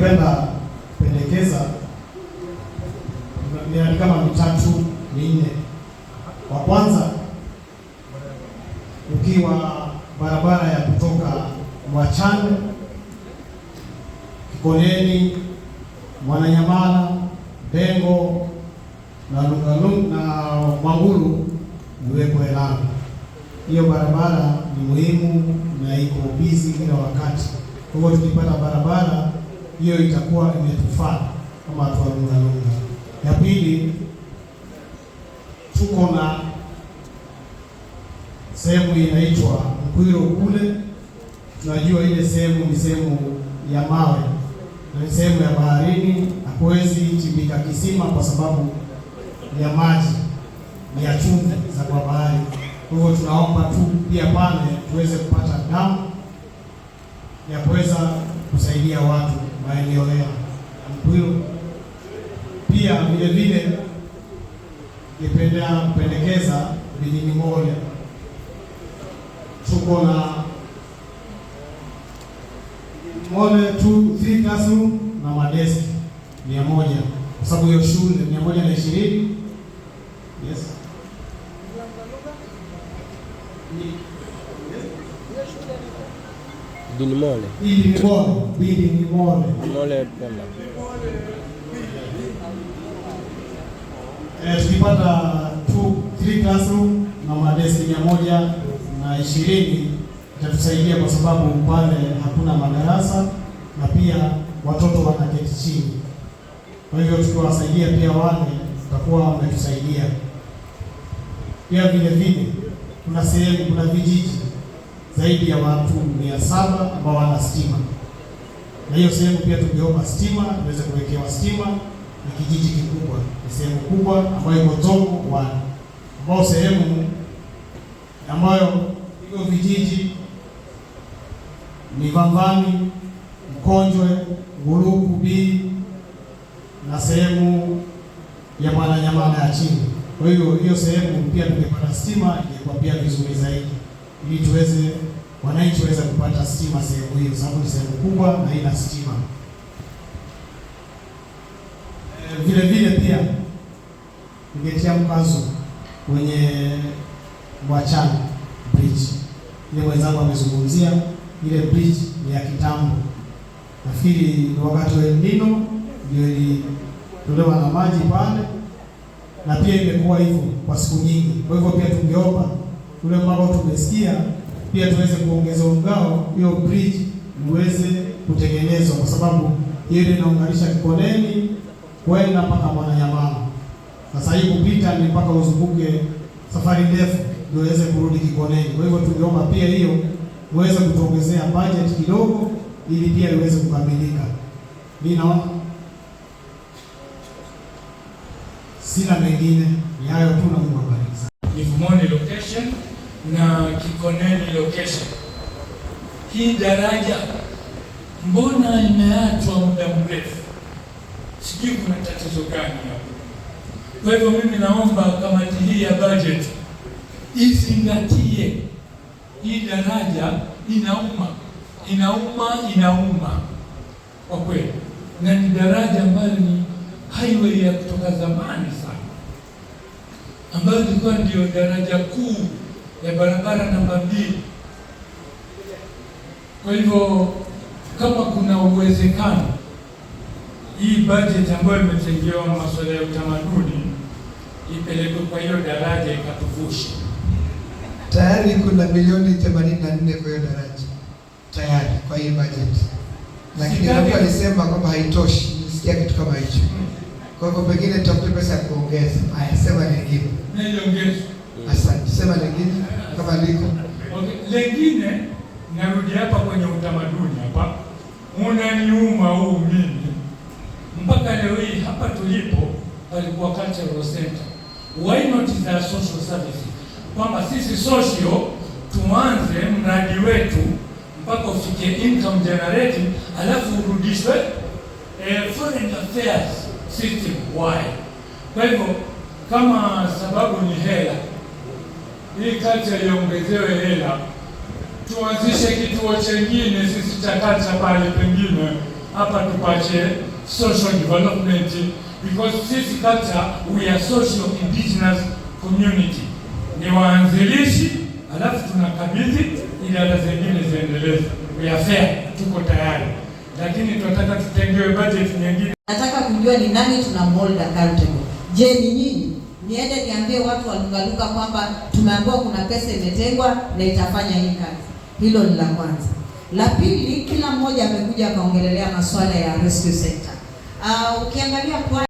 ningependa kupendekeza miradi kama mitatu minne. Wa kwanza ukiwa barabara ya kutoka Mwachane Kikoneni, Mwananyamala, Dengo na Lungalunga na Mwangulu iwekwe lami. Hiyo barabara ni muhimu na iko busy kila wakati, kwa hivyo tukipata barabara hiyo itakuwa imetufaa kama watu wa Ya pili, tuko na sehemu inaitwa Mkwiro kule, tunajua ile sehemu ni sehemu ya mawe na ni sehemu ya baharini, hakuwezi chimbika kisima kwa sababu ya maji ya chumvi za kwa bahari. Kwa hivyo tunaomba tu pia pale tuweze kupata damu ya kuweza kusaidia watu maeneo yao na Pia vile vile nipenda kupendekeza vijini moja tuko na mole tu three na madeski mia moja kwa sababu hiyo shule mia moja na ishirini yes Dinimole. Mole. Dinimole. Dinimole Pemba. Eh, tulipata classroom na madesi mia moja na ishirini itatusaidia kwa sababu pale hakuna madarasa na pia watoto wanaketi chini. Kwa hivyo tukiwasaidia pia wale tutakuwa wametusaidia pia. Vile vile kuna sehemu, kuna vijiji zaidi ya watu mia saba ambao wana stima, na hiyo sehemu pia tungeomba stima iweze kuwekewa stima. Ni kijiji kikubwa, ni sehemu kubwa ambayo iko Tongo wana ambao sehemu ambayo hivyo vijiji ni Vambani, Mkonjwe, Nguruku B na sehemu ya Mwananyamala ya chini. Kwa hiyo hiyo sehemu pia tungepata stima ingekuwa pia vizuri zaidi ili tuweze wananchi waweze kupata stima sehemu hiyo, sababu ni sehemu kubwa na ina stima. E, vile vile pia ningetia mkazo kwenye Mwachana bridge ile mwenzangu amezungumzia. Ile bridge ni ya kitambo, nafikiri ni wakati wa El Nino ndio ilitolewa na maji pale, na pia imekuwa hivyo kwa siku nyingi. Kwa hivyo pia tungeomba ule ambao tumesikia pia tuweze kuongeza ungao, hiyo bridge iweze kutengenezwa, kwa sababu hiyo inaunganisha Kikoneni kwenda mpaka Mwananyamala. Sasa hii kupita ni mpaka uzunguke safari ndefu ndio iweze kurudi Kikoneni. Kwa hivyo tungeomba pia hiyo muweze kutuongezea budget kidogo, ili pia iweze kukamilika. Mimi naona sina mengine, ni hayo tu, na Mungu na Kikoneni location. Hii daraja mbona imeachwa muda mrefu? Sijui kuna tatizo gani hapo. Kwa hivyo mimi naomba kamati hii ya budget izingatie hii daraja, inauma inauma inauma kwa kweli, na ni daraja ambayo ni highway ya kutoka zamani sana, ambayo ilikuwa ndio daraja kuu ya barabara namba mbili. Kwa hivyo kama kuna uwezekano hii bajeti ambayo imetengewa masuala ya utamaduni ipelekwe kwa hiyo daraja ikatuvushe. Tayari kuna milioni 84 kwa hiyo daraja tayari kwa hii bajeti, lakini hapo alisema kwamba haitoshi. Nisikia kitu kama hicho, kwa hivyo pengine tafute pesa ya kuongeza. Haya, sema nyingine niongeze Asante. Sema lengine kama liko okay. Lengine narudi hapa kwenye utamaduni hapa, unaniuma huu mimi mpaka leo hii hapa tulipo palikuwa cultural center, why not the social service kwamba sisi social tuanze mradi wetu mpaka ufike income generating, alafu urudishwe eh, foreign affairs system why. Kwa hivyo kama sababu ni hii kata iongezewe hela, tuanzishe kituo chengine sisi cha kata pale, pengine hapa tupache social development because sisi kata we are social indigenous community, ni waanzilishi alafu tunakabidhi idara zingine ziendeleze. We are fair, tuko tayari, lakini tunataka tutengewe budget nyingine. Nataka kujua ni nani tuna mold accountable. Je, ni nyinyi niende niambie watu walungaluka kwamba tumeambiwa kuna pesa imetengwa na itafanya hii kazi. Hilo ni la kwanza. La pili, kila mmoja amekuja akaongelelea masuala ya rescue center. Uh, ukiangalia kwa